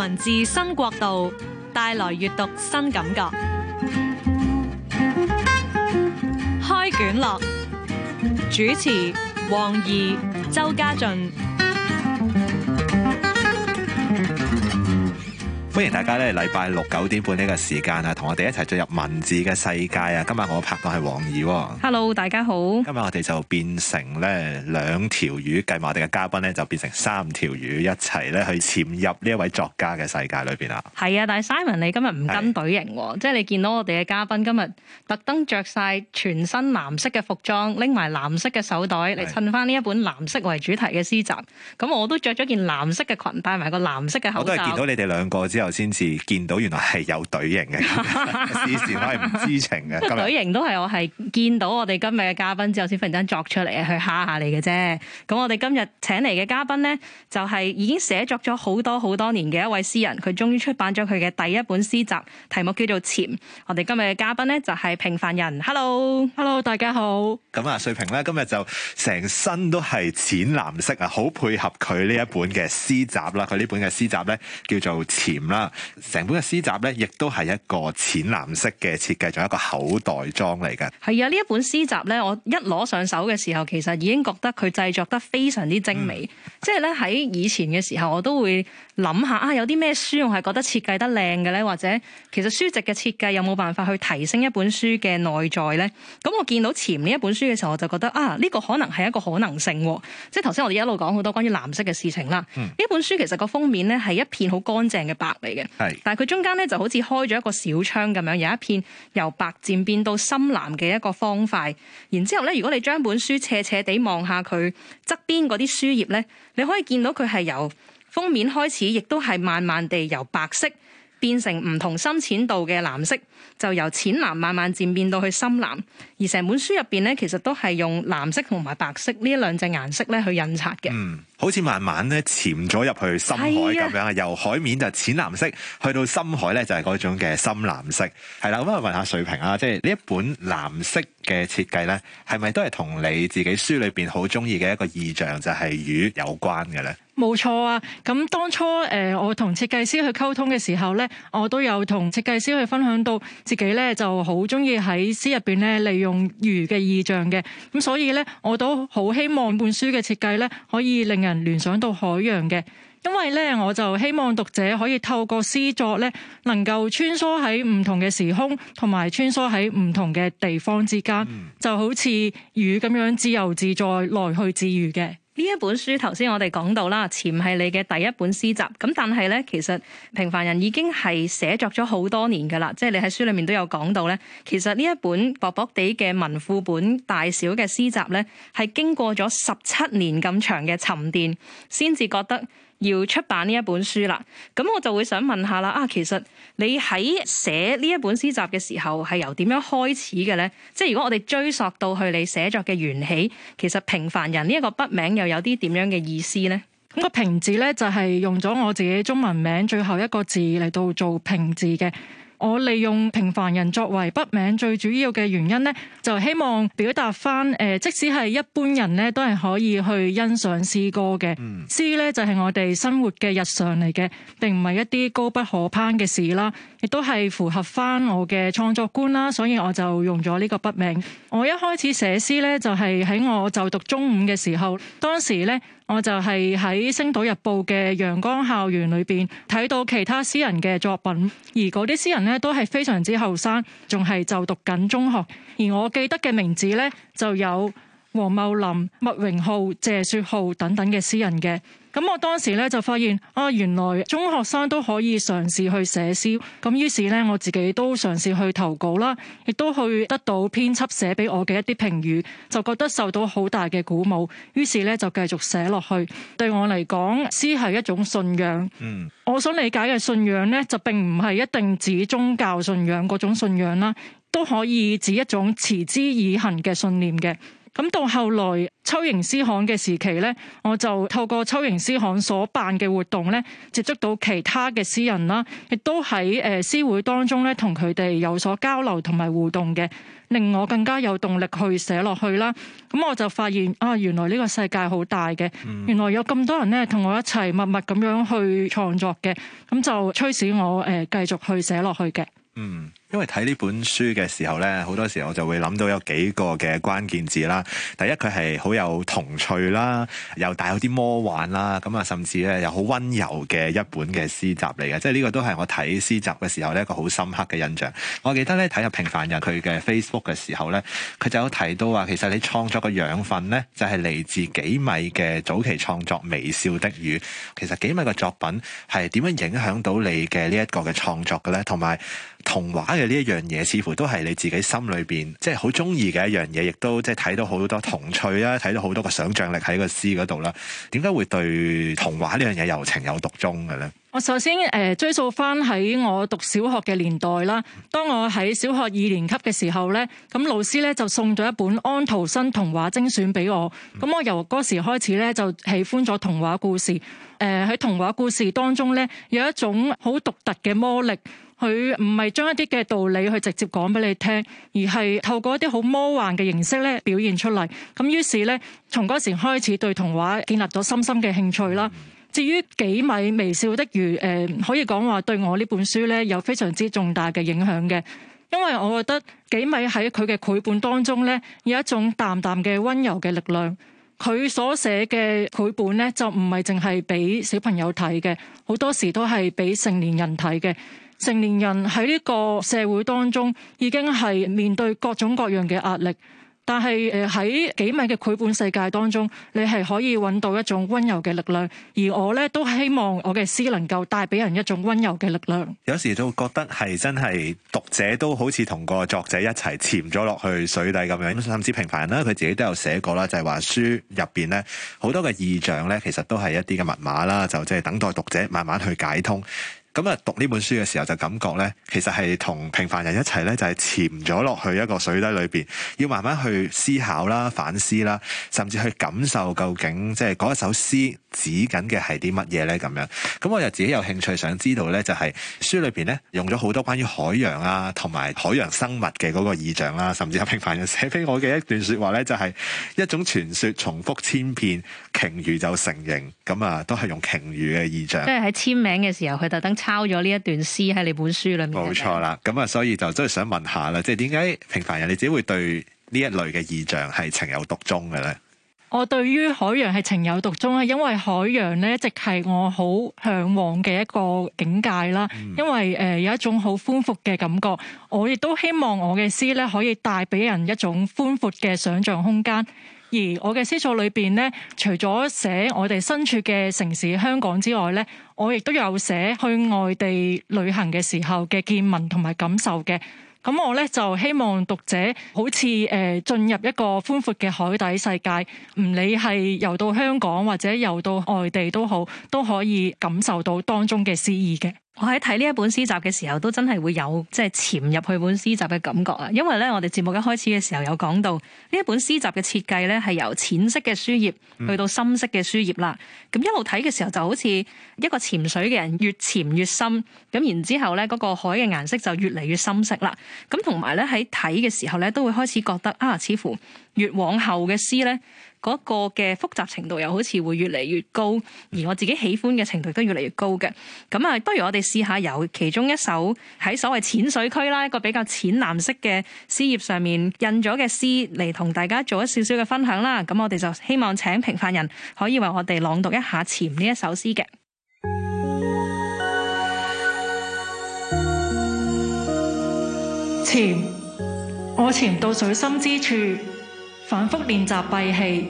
文字新國度帶來閱讀新感覺，開卷樂，主持黃怡、周家俊。歡迎大家咧，禮拜六九點半呢個時間啊，同我哋一齊進入文字嘅世界啊！今日我拍檔係黃怡。Hello，大家好。今日我哋就變成咧兩條魚，計埋我哋嘅嘉賓咧就變成三條魚，一齊咧去潛入呢一位作家嘅世界裏邊啦！係啊，但係 Simon，你今日唔跟隊形，是即係你見到我哋嘅嘉賓今日特登着晒全身藍色嘅服裝，拎埋藍色嘅手袋嚟襯翻呢一本藍色為主題嘅詩集。咁是我都着咗件藍色嘅裙，戴埋個藍色嘅口罩。我都係見到你哋兩個之後。先至見到原來係有隊形嘅， 事前我係唔知情嘅。 天隊形都係我係見到我哋今日嘅嘉賓之後先忽然間作出嚟去嚇下你嘅啫。咁我哋今日請嚟嘅嘉賓呢，就係、是、已經寫作咗好多好多年嘅一位詩人，佢終於出版咗佢嘅第一本詩集，題目叫做《潛》。我哋今日嘅嘉賓呢，就係、是、平凡人。Hello，Hello，Hello, 大家好。咁啊，瑞平呢，今日就成身都係淺藍色啊，好配合佢呢一本嘅詩集啦。佢呢本嘅詩集呢，叫做《潛》啦。成本嘅詩集呢，亦都係一個淺藍色嘅設計，仲有一個口袋裝嚟嘅。係啊，呢一本詩集呢，我一攞上手嘅時候，其實已經覺得佢製作得非常之精美。嗯、即係呢，喺以前嘅時候，我都會諗下啊，有啲咩書我係覺得設計得靚嘅呢？或者其實書籍嘅設計有冇辦法去提升一本書嘅內在呢？咁我見到《潛》呢一本書嘅時候，我就覺得啊，呢、這個可能係一個可能性。即係頭先我哋一路講好多關於藍色嘅事情啦。呢、嗯、本書其實個封面呢，係一片好乾淨嘅白嘅，但係佢中間咧就好似開咗一個小窗咁樣，有一片由白漸變到深藍嘅一個方塊。然之後咧，如果你將本書斜斜地望下佢側邊嗰啲書頁咧，你可以見到佢係由封面開始，亦都係慢慢地由白色變成唔同深淺度嘅藍色。就由淺藍慢慢漸變到去深藍，而成本書入邊咧，其實都係用藍色同埋白色呢一兩隻顏色咧去印刷嘅。嗯，好似慢慢咧潛咗入去深海咁樣啊，由海面就淺藍色，去到深海咧就係嗰種嘅深藍色。係啦，咁我問下萍凡啊，即係呢一本藍色嘅設計咧，係咪都係同你自己書裏邊好中意嘅一個意象就係魚有關嘅咧？冇錯啊，咁當初誒、呃、我同設計師去溝通嘅時候咧，我都有同設計師去分享到。自己咧就好中意喺詩入邊咧利用魚嘅意象嘅，咁所以咧我都好希望本書嘅設計咧可以令人聯想到海洋嘅，因為咧我就希望讀者可以透過詩作咧能夠穿梭喺唔同嘅時空，同埋穿梭喺唔同嘅地方之間，就好似魚咁樣自由自在來去自如嘅。呢一本書，頭先我哋講到啦，潛係你嘅第一本詩集。咁但係呢，其實平凡人已經係寫作咗好多年㗎啦。即係你喺書裡面都有講到呢，其實呢一本薄薄地嘅文庫本大小嘅詩集呢，係經過咗十七年咁長嘅沉澱，先至覺得。要出版呢一本書啦，咁我就會想問下啦，啊其實你喺寫呢一本詩集嘅時候係由點樣開始嘅呢？即係如果我哋追索到去你寫作嘅緣起，其實萍凡人呢一個筆名又有啲點樣嘅意思呢？咁個萍字呢，就係用咗我自己中文名最後一個字嚟到做萍字嘅。我利用萍凡人作為筆名最主要嘅原因咧，就希望表達翻，誒、呃，即使係一般人咧，都係可以去欣賞詩歌嘅。詩咧 就係、是、我哋生活嘅日常嚟嘅，並唔係一啲高不可攀嘅事啦。亦都係符合翻我嘅創作觀啦，所以我就用咗呢個筆名。我一開始寫詩呢，就係喺我就讀中五嘅時候，當時呢，我就係喺《星島日報》嘅《陽光校園》裏邊睇到其他詩人嘅作品，而嗰啲詩人呢，都係非常之後生，仲係就讀緊中學。而我記得嘅名字呢，就有黃茂林、麥榮浩、謝雪浩等等嘅詩人嘅。咁我當時咧就發現啊、哦，原來中學生都可以嘗試去寫詩。咁於是咧，我自己都嘗試去投稿啦，亦都去得到編輯寫俾我嘅一啲評語，就覺得受到好大嘅鼓舞。於是咧就繼續寫落去。對我嚟講，詩係一種信仰。嗯，我想理解嘅信仰咧，就並唔係一定指宗教信仰嗰種信仰啦，都可以指一種持之以恆嘅信念嘅。咁到後來秋螢詩行嘅時期咧，我就透過秋螢詩行所辦嘅活動咧，接觸到其他嘅詩人啦，亦都喺誒詩會當中咧，同佢哋有所交流同埋互動嘅，令我更加有動力去寫落去啦。咁我就發現啊，原來呢個世界好大嘅，原來有咁多人咧同我一齊默默咁樣去創作嘅，咁就驅使我誒繼續去寫落去嘅。嗯。因為睇呢本書嘅時候呢，好多時我就會諗到有幾個嘅關鍵字啦。第一，佢係好有童趣啦，又帶有啲魔幻啦。咁啊，甚至咧又好温柔嘅一本嘅詩集嚟嘅。即係呢個都係我睇詩集嘅時候咧一個好深刻嘅印象。我記得咧睇入萍凡人佢嘅 Facebook 嘅時候呢，佢就有提到話，其實你創作嘅養分呢，就係嚟自幾米嘅早期創作《微笑的魚》。其實幾米嘅作品係點樣影響到你嘅呢一個嘅創作嘅呢？同埋。童話嘅呢一樣嘢，似乎都係你自己心裏邊，即係好中意嘅一樣嘢，亦都即係睇到好多童趣啦，睇到好多個想象力喺個詩嗰度啦。點解會對童話呢樣嘢又情有獨鍾嘅咧？我首先誒、呃、追溯翻，喺我讀小學嘅年代啦，當我喺小學二年級嘅時候呢，咁老師呢就送咗一本安徒生童話精選俾我，咁我由嗰時開始呢，就喜歡咗童話故事。誒、呃、喺童話故事當中呢，有一種好獨特嘅魔力。佢唔係將一啲嘅道理去直接講俾你聽，而係透過一啲好魔幻嘅形式咧表現出嚟。咁於是咧，從嗰時開始對童話建立咗深深嘅興趣啦。至於幾米微笑的魚，呃，可以講話對我呢本書咧有非常之重大嘅影響嘅，因為我覺得幾米喺佢嘅繪本當中咧有一種淡淡嘅溫柔嘅力量。佢所寫嘅繪本咧就唔係淨係俾小朋友睇嘅，好多時都係俾成年人睇嘅。成年人喺呢個社會當中已經係面對各種各樣嘅壓力，但係誒喺幾米嘅繪本世界當中，你係可以揾到一種溫柔嘅力量。而我咧都希望我嘅詩能夠帶俾人一種溫柔嘅力量。有時都會覺得係真係讀者都好似同個作者一齊潛咗落去水底咁樣，甚至萍凡人啦，佢自己都有寫過啦，就係、是、話書入邊咧好多嘅意象咧，其實都係一啲嘅密碼啦，就即係等待讀者慢慢去解通。咁啊，讀呢本書嘅時候就感覺咧，其實係同萍凡人一齊咧，就係潛咗落去一個水底裏邊要慢慢去思考啦、反思啦，甚至去感受究竟即係嗰一首詩。指緊嘅係啲乜嘢呢？咁樣，咁我又自己有興趣想知道呢，就係書裏邊呢，用咗好多關於海洋啊，同埋海洋生物嘅嗰個意象啦、啊，甚至有平凡人寫俾我嘅一段説話呢，就係、是、一種傳説重複千遍，鯨魚就成形。咁啊，都係用鯨魚嘅意象。即係喺簽名嘅時候，佢特登抄咗呢一段詩喺你本書裏面。冇錯啦，咁啊，所以就真係想問下啦，即係點解平凡人你只會對呢一類嘅意象係情有獨鍾嘅呢？我對於海洋係情有獨鍾，係因為海洋咧，一直係我好向往嘅一個境界啦。因為誒有一種好寬闊嘅感覺，我亦都希望我嘅詩咧可以帶俾人一種寬闊嘅想像空間。而我嘅詩作裏邊咧，除咗寫我哋身處嘅城市香港之外咧，我亦都有寫去外地旅行嘅時候嘅見聞同埋感受嘅。咁我咧就希望讀者好似誒、呃、進入一個寬闊嘅海底世界，唔理係遊到香港或者遊到外地都好，都可以感受到當中嘅詩意嘅。我喺睇呢一本詩集嘅時候，都真係會有即係潛入去本詩集嘅感覺啊。因為咧，我哋節目一開始嘅時候有講到呢一本詩集嘅設計咧，係由淺色嘅書頁去到深色嘅書頁啦。咁一路睇嘅時候，就好似一個潛水嘅人越潛越深，咁然之後咧，嗰個海嘅顏色就越嚟越深色啦。咁同埋咧，喺睇嘅時候咧，都會開始覺得啊，似乎越往後嘅詩咧。嗰個嘅複雜程度又好似會越嚟越高，而我自己喜歡嘅程度都越嚟越高嘅。咁啊，不如我哋試下由其中一首喺所謂淺水區啦，一個比較淺藍色嘅詩頁上面印咗嘅詩嚟，同大家做一少少嘅分享啦。咁我哋就希望請萍凡人可以為我哋朗讀一下《潛》呢一首詩嘅。潛，我潛到水深之處。反覆練習閉氣，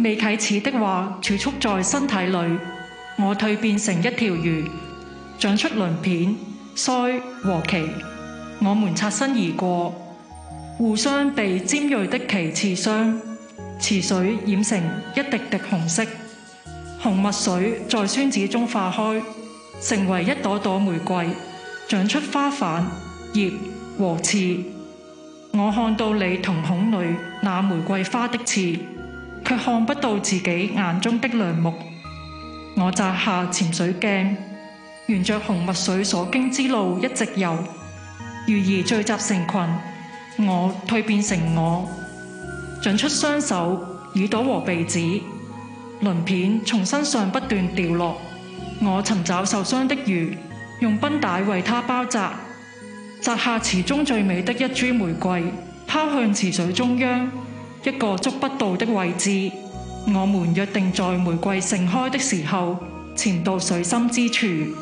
未啟齒的話儲蓄在身體裏。我蛻變成一條魚，長出鱗片、鰓和鰭。我們擦身而過，互相被尖銳的鰭刺傷，池水染成一滴滴紅色。紅墨水在宣紙中化開，成為一朵朵玫瑰，長出花瓣、葉和刺。我看到你瞳孔裏那玫瑰花的刺，卻看不到自己眼中的梁木。我摘下潛水鏡，沿着紅墨水所經之路一直游，魚兒聚集成群。我蛻變成我，長出雙手、耳朵和鼻子，鱗片從身上不斷掉落。我尋找受傷的魚，用繃帶為它包紮。摘下池中最美的一株玫瑰，拋向池水中央一個捉不到的位置。我們約定在玫瑰盛開的時候，潛到水深之處。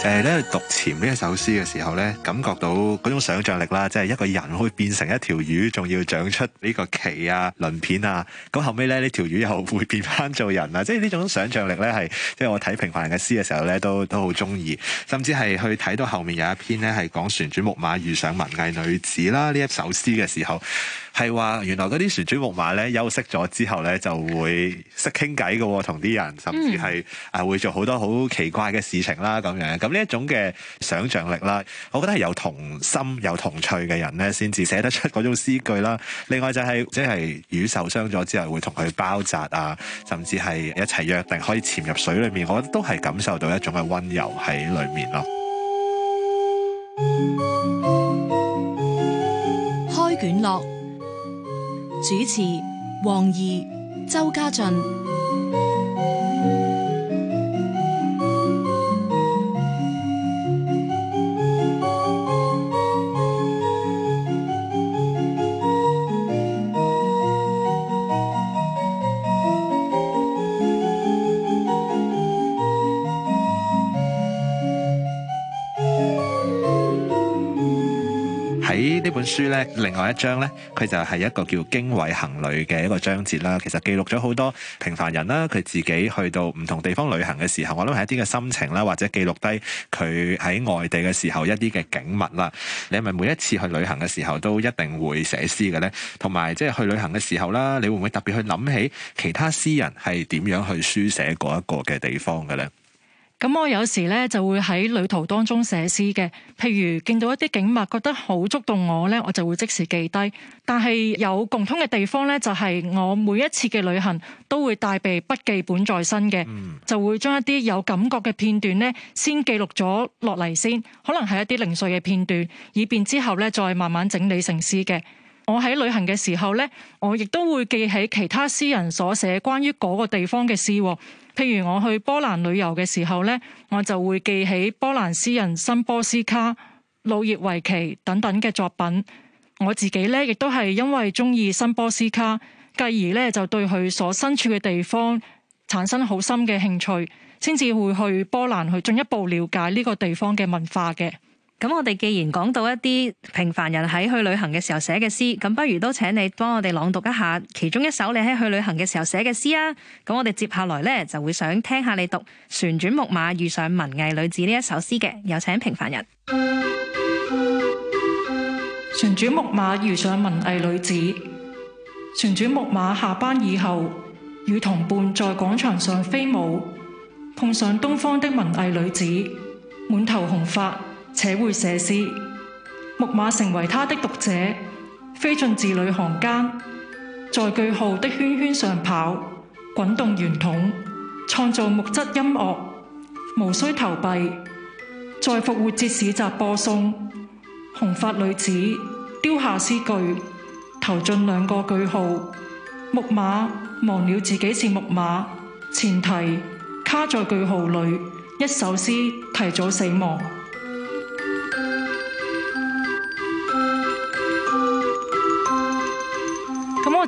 誒，咧讀《潛》呢一首詩嘅時候咧，感覺到嗰種想象力啦，即係一個人會變成一條魚，仲要長出呢個鰭啊、鱗片啊。咁後尾咧，呢條魚又會變翻做人啦、啊。即係呢種想象力咧，係即係我睇萍凡人嘅詩嘅時候咧，都都好中意。甚至係去睇到後面有一篇咧，係講旋轉木馬遇上文藝女子啦。呢一首詩嘅時候。係話原來嗰啲旋轉木馬咧休息咗之後咧就會識傾偈嘅，同啲人甚至係啊會做好多好奇怪嘅事情啦，咁樣咁呢一種嘅想象力啦，我覺得係有童心有童趣嘅人咧，先至寫得出嗰種詩句啦。另外就係、是、即係魚受傷咗之後會同佢包紮啊，甚至係一齊約定可以潛入水裏面，我覺得都係感受到一種嘅温柔喺裏面咯。開卷樂。主持：王怡、周家俊。書咧，另外一章咧，佢就係一個叫《經緯行旅》嘅一個章節啦。其實記錄咗好多平凡人啦，佢自己去到唔同地方旅行嘅時候，我諗係一啲嘅心情啦，或者記錄低佢喺外地嘅時候一啲嘅景物啦。你係咪每一次去旅行嘅時候都一定會寫詩嘅咧？同埋即係去旅行嘅時候啦，你會唔會特別去諗起其他詩人係點樣去書寫嗰一個嘅地方嘅咧？咁我有時咧就會喺旅途當中寫詩嘅，譬如見到一啲景物覺得好觸動我咧，我就會即時記低。但係有共通嘅地方咧，就係我每一次嘅旅行都會帶備筆記本在身嘅，就會將一啲有感覺嘅片段呢先記錄咗落嚟先。可能係一啲零碎嘅片段，以便之後咧再慢慢整理成詩嘅。我喺旅行嘅時候咧，我亦都會記起其他詩人所寫關於嗰個地方嘅詩。譬如我去波蘭旅遊嘅時候呢，我就會記起波蘭詩人新波斯卡、魯熱維奇等等嘅作品。我自己呢，亦都係因為中意新波斯卡，繼而呢，就對佢所身處嘅地方產生好深嘅興趣，先至會去波蘭去進一步了解呢個地方嘅文化嘅。咁我哋既然講到一啲萍凡人喺去旅行嘅時候寫嘅詩，咁不如都請你幫我哋朗讀一下其中一首你喺去旅行嘅時候寫嘅詩啊！咁我哋接下來呢，就會想聽下你讀旋轉木馬遇上文藝女子呢一首詩嘅，有請萍凡人。旋轉木馬遇上文藝女子，旋轉木馬下班以後，與同伴在廣場上飛舞，碰上東方的文藝女子，滿頭紅髮。且會寫詩，木馬成為他的讀者，飛進字裏行間，在句號的圈圈上跑，滾動圓筒，創造木質音樂，無需投幣。在復活節市集播送，紅髮女子丟下詩句，投進兩個句號。木馬忘了自己是木馬，前提卡在句號裏，一首詩提早死亡。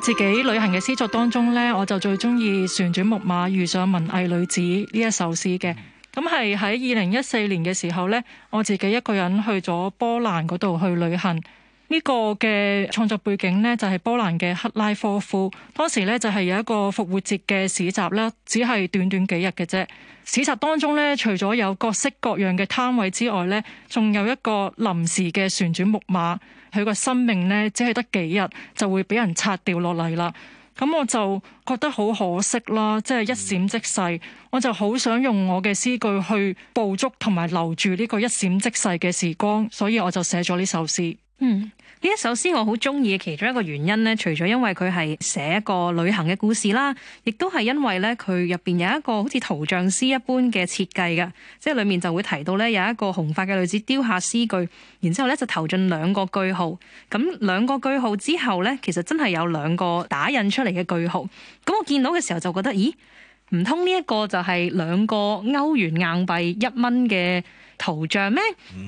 自己旅行嘅詩作當中呢，我就最中意旋轉木馬遇上文藝女子呢一首詩嘅。咁係喺二零一四年嘅時候呢，我自己一個人去咗波蘭嗰度去旅行。呢個嘅創作背景呢，就係波蘭嘅克拉科夫。當時呢，就係有一個復活節嘅市集咧，只係短短幾日嘅啫。市集當中呢，除咗有各式各樣嘅攤位之外呢，仲有一個臨時嘅旋轉木馬。佢個生命呢，只係得幾日，就會俾人拆掉落嚟啦。咁我就覺得好可惜啦，即係一閃即逝。我就好想用我嘅詩句去捕捉同埋留住呢個一閃即逝嘅時光，所以我就寫咗呢首詩。嗯，呢一首詩我好中意嘅，其中一個原因呢，除咗因為佢係寫一個旅行嘅故事啦，亦都係因為呢，佢入邊有一個好似圖像詩一般嘅設計嘅，即係裡面就會提到呢，有一個紅髮嘅女子丟下詩句，然之後呢就投進兩個句號，咁兩個句號之後呢，其實真係有兩個打印出嚟嘅句號，咁我見到嘅時候就覺得，咦，唔通呢一個就係兩個歐元硬幣一蚊嘅圖像咩？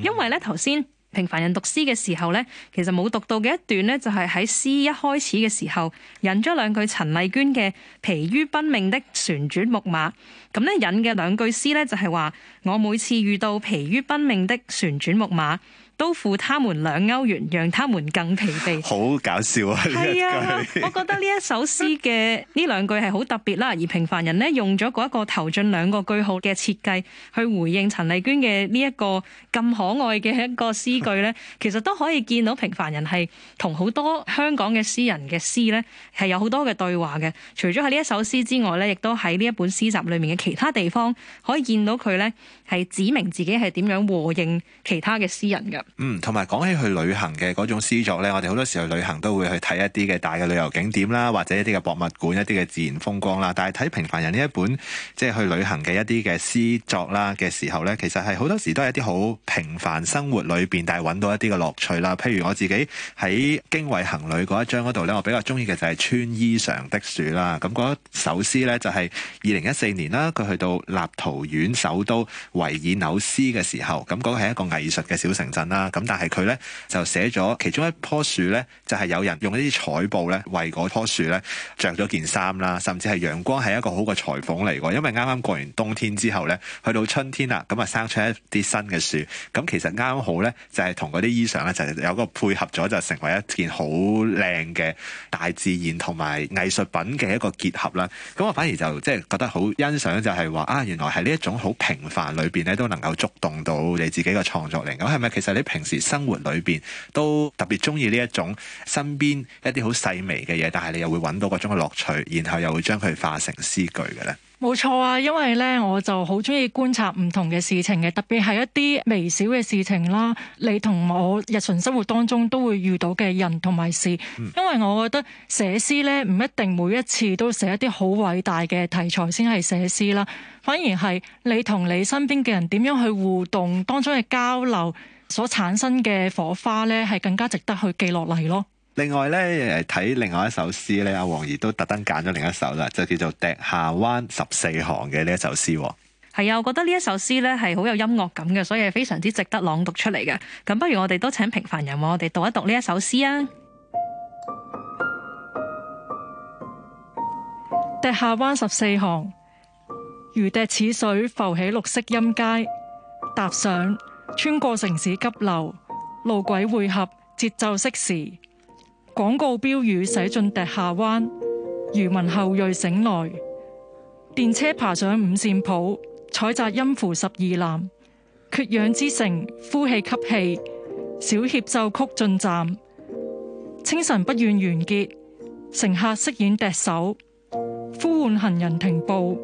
因為呢頭先。萍凡人讀詩嘅時候呢，其實冇讀到嘅一段呢，就係喺詩一開始嘅時候引咗兩句陳麗娟嘅《疲於奔命的旋轉木馬》。咁呢，引嘅兩句詩呢，就係話我每次遇到疲於奔命的旋轉木馬。都付他們兩歐元，讓他們更疲憊。好搞笑啊！係啊，我覺得呢一首詩嘅呢兩句係好特別啦。而萍凡人咧用咗嗰一個投進兩個句號嘅設計去回應陳麗娟嘅呢一個咁可愛嘅一個詩句咧，其實都可以見到萍凡人係同好多香港嘅詩人嘅詩咧係有好多嘅對話嘅。除咗喺呢一首詩之外咧，亦都喺呢一本詩集裏面嘅其他地方可以見到佢咧係指明自己係點樣和應其他嘅詩人嘅。嗯，同埋講起去旅行嘅嗰種詩作呢，我哋好多時去旅行都會去睇一啲嘅大嘅旅遊景點啦，或者一啲嘅博物館、一啲嘅自然風光啦。但係睇萍凡人呢一本即係、就是、去旅行嘅一啲嘅詩作啦嘅時候呢，其實係好多時都係一啲好平凡生活裏邊，但係揾到一啲嘅樂趣啦。譬如我自己喺《經緯行旅》嗰一章嗰度呢，我比較中意嘅就係、是《穿衣裳的樹》啦。咁、那、嗰、個、首詩呢，就係二零一四年啦，佢去到立陶宛首都維爾紐斯嘅時候，咁、那、嗰個係一個藝術嘅小城鎮。啦，咁但係佢咧就寫咗其中一棵樹咧，就係有人用一啲彩布咧為嗰棵樹咧着咗件衫啦，甚至係陽光係一個好嘅裁縫嚟嘅，因為啱啱過完冬天之後咧，去到春天啦，咁啊生出一啲新嘅樹，咁其實啱好咧就係同嗰啲衣裳咧就係有一個配合咗，就成為一件好靚嘅大自然同埋藝術品嘅一個結合啦。咁我反而就即係覺得好欣賞，就係話啊，原來係呢一種好平凡裏邊咧都能夠觸動到你自己嘅創作靈感。咁係咪其實你？平時生活裏邊都特別中意呢一種身邊一啲好細微嘅嘢，但係你又會揾到嗰種嘅樂趣，然後又會將佢化成詩句嘅咧。冇錯啊，因為呢，我就好中意觀察唔同嘅事情嘅，特別係一啲微小嘅事情啦。你同我日常生活當中都會遇到嘅人同埋事，嗯、因為我覺得寫詩呢，唔一定每一次都寫一啲好偉大嘅題材先係寫詩啦，反而係你同你身邊嘅人點樣去互動當中嘅交流。所產生嘅火花咧，係更加值得去記落嚟咯。另外咧，誒睇另外一首詩咧，阿黃怡都特登揀咗另一首啦，就叫做《笛下灣十四行》嘅呢一首詩。係啊，我覺得呢一首詩咧係好有音樂感嘅，所以係非常之值得朗讀出嚟嘅。咁不如我哋都請萍凡人我哋讀一讀呢一首詩啊，《笛下灣十四行》，如笛似水，浮起綠色音階，踏上。穿過城市急流，路軌匯合，節奏適時。廣告標語寫進笛下灣，漁民後裔醒來。電車爬上五線譜，採摘音符十二欄。缺氧之城，呼氣吸氣，小協奏曲進站。清晨不願完結，乘客飾演笛手，呼喚行人停步，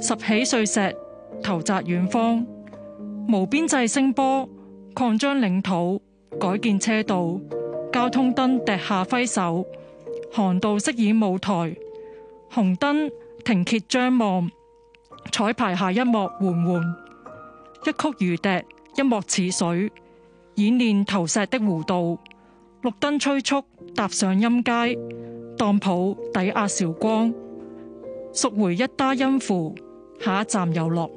拾起碎石，投擲遠方。無邊際聲波，擴張領土，改建車道，交通燈笛下揮手，航道飾演舞台，紅燈停歇張望，彩排下一幕緩緩，一曲如笛，一幕似水，演練投石的弧度，綠燈催促踏上陰階，當鋪抵押韶光，贖回一打音符，下一站有落。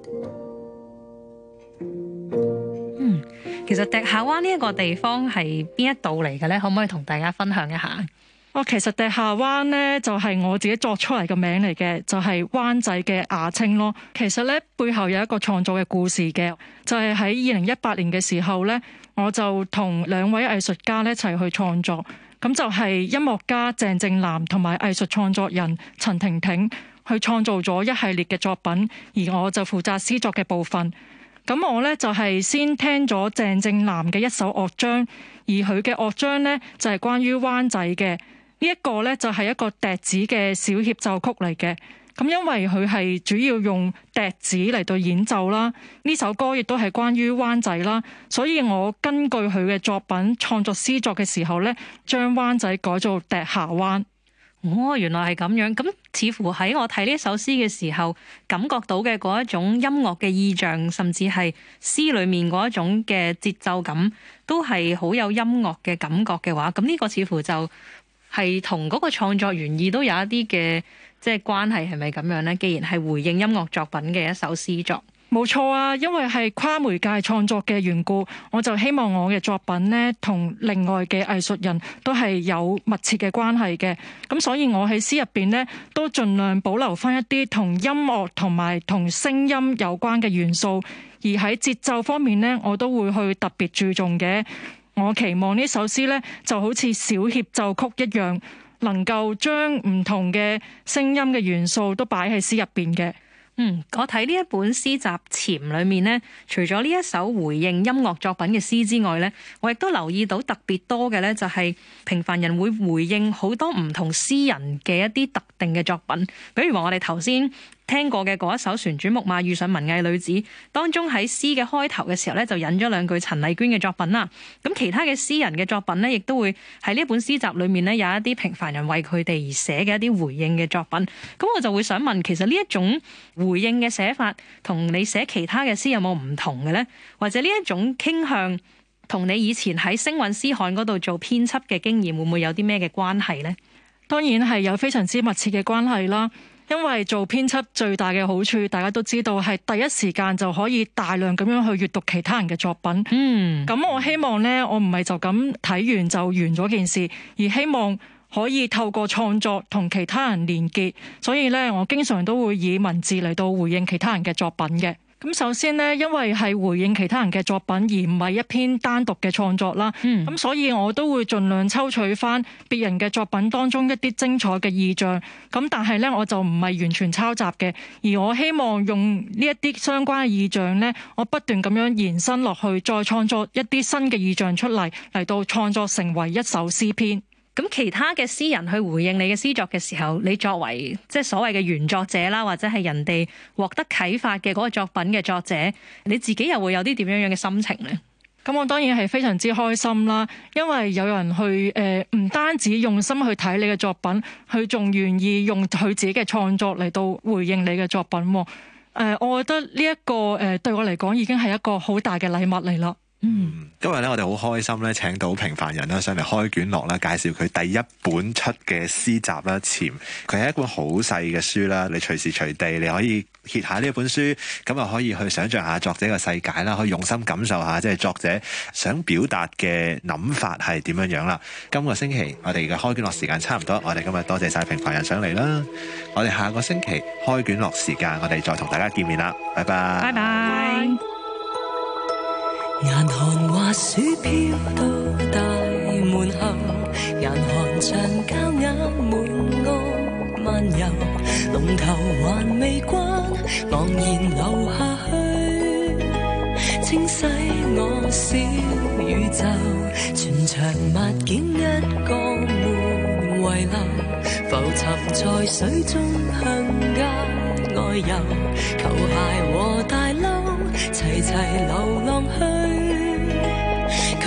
其實笛下灣呢一個地方係邊一度嚟嘅呢？可唔可以同大家分享一下？哦，其實笛下灣呢就係、是、我自己作出嚟嘅名嚟嘅，就係、是、灣仔嘅雅青咯。其實呢，背後有一個創作嘅故事嘅，就係喺二零一八年嘅時候呢，我就同兩位藝術家一齊去創作，咁就係音樂家鄭正南同埋藝術創作人陳婷婷去創造咗一系列嘅作品，而我就負責詩作嘅部分。咁我呢，就係、是、先聽咗鄭正南嘅一首樂章，而佢嘅樂章呢，就係、是、關於灣仔嘅呢一個呢，就係、是、一個笛子嘅小協奏曲嚟嘅。咁因為佢係主要用笛子嚟到演奏啦，呢首歌亦都係關於灣仔啦，所以我根據佢嘅作品創作詩作嘅時候呢，將灣仔改做笛下灣。哦，原來係咁樣，咁似乎喺我睇呢首詩嘅時候，感覺到嘅嗰一種音樂嘅意象，甚至係詩裏面嗰一種嘅節奏感，都係好有音樂嘅感覺嘅話，咁呢個似乎就係同嗰個創作原意都有一啲嘅即係關係，係咪咁樣呢？既然係回應音樂作品嘅一首詩作。冇錯啊，因為係跨媒介創作嘅緣故，我就希望我嘅作品呢，同另外嘅藝術人都係有密切嘅關係嘅。咁所以我喺詩入邊呢，都盡量保留返一啲同音樂同埋同聲音有關嘅元素，而喺節奏方面呢，我都會去特別注重嘅。我期望呢首詩呢，就好似小協奏曲一樣，能夠將唔同嘅聲音嘅元素都擺喺詩入邊嘅。嗯，我睇呢一本詩集潛裡《潛》裏面呢，除咗呢一首回應音樂作品嘅詩之外呢，我亦都留意到特別多嘅呢，就係萍凡人會回應好多唔同詩人嘅一啲特定嘅作品，比如話我哋頭先聽過嘅嗰一首旋轉木馬遇上文藝女子，當中喺詩嘅開頭嘅時候呢，就引咗兩句陳麗娟嘅作品啦。咁其他嘅詩人嘅作品呢，亦都會喺呢本詩集裏面呢，有一啲平凡人為佢哋而寫嘅一啲回應嘅作品。咁我就會想問，其實呢一種回應嘅寫法，同你寫其他嘅詩有冇唔同嘅呢？或者呢一種傾向，同你以前喺《聲韻詩刊》嗰度做編輯嘅經驗，會唔會有啲咩嘅關係呢？當然係有非常之密切嘅關係啦。因為做編輯最大嘅好處，大家都知道係第一時間就可以大量咁樣去閱讀其他人嘅作品。嗯，咁我希望呢，我唔係就咁睇完就完咗件事，而希望可以透過創作同其他人連結。所以呢，我經常都會以文字嚟到回應其他人嘅作品嘅。咁首先咧，因為係回應其他人嘅作品，而唔係一篇單獨嘅創作啦。咁，嗯，所以我都會盡量抽取翻別人嘅作品當中一啲精彩嘅意象。咁但係咧，我就唔係完全抄襲嘅，而我希望用呢一啲相關嘅意象咧，我不斷咁樣延伸落去，再創作一啲新嘅意象出嚟，嚟到創作成為一首詩篇。咁其他嘅詩人去回應你嘅詩作嘅時候，你作為即係所謂嘅原作者啦，或者係人哋獲得啟發嘅嗰個作品嘅作者，你自己又會有啲點樣樣嘅心情呢？咁我當然係非常之開心啦，因為有人去誒、呃，唔單止用心去睇你嘅作品，佢仲願意用佢自己嘅創作嚟到回應你嘅作品。誒、呃，我覺得呢、這個呃、一個誒對我嚟講已經係一個好大嘅禮物嚟啦。嗯，今日咧我哋好開心咧，請到萍凡人啦上嚟開卷樂啦，介紹佢第一本出嘅詩集啦。潛佢係一本好細嘅書啦，你隨時隨地你可以揭下呢本書，咁啊可以去想象下作者嘅世界啦，可以用心感受下即係作者想表達嘅諗法係點樣樣啦。今個星期我哋嘅開卷樂時間差唔多，我哋今日多謝晒萍凡人上嚟啦。我哋下個星期開卷樂時間，我哋再同大家見面啦。拜拜，拜拜。嚴行華雪飄到大門後，嚴行長膠壓滿屋漫遊，龍頭還未關，茫然流下去，清洗我小宇宙，全場物件一個沒遺留，浮沉在水中向街外游，球鞋和大褸齊齊流浪去。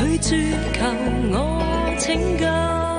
拒絕求我請教。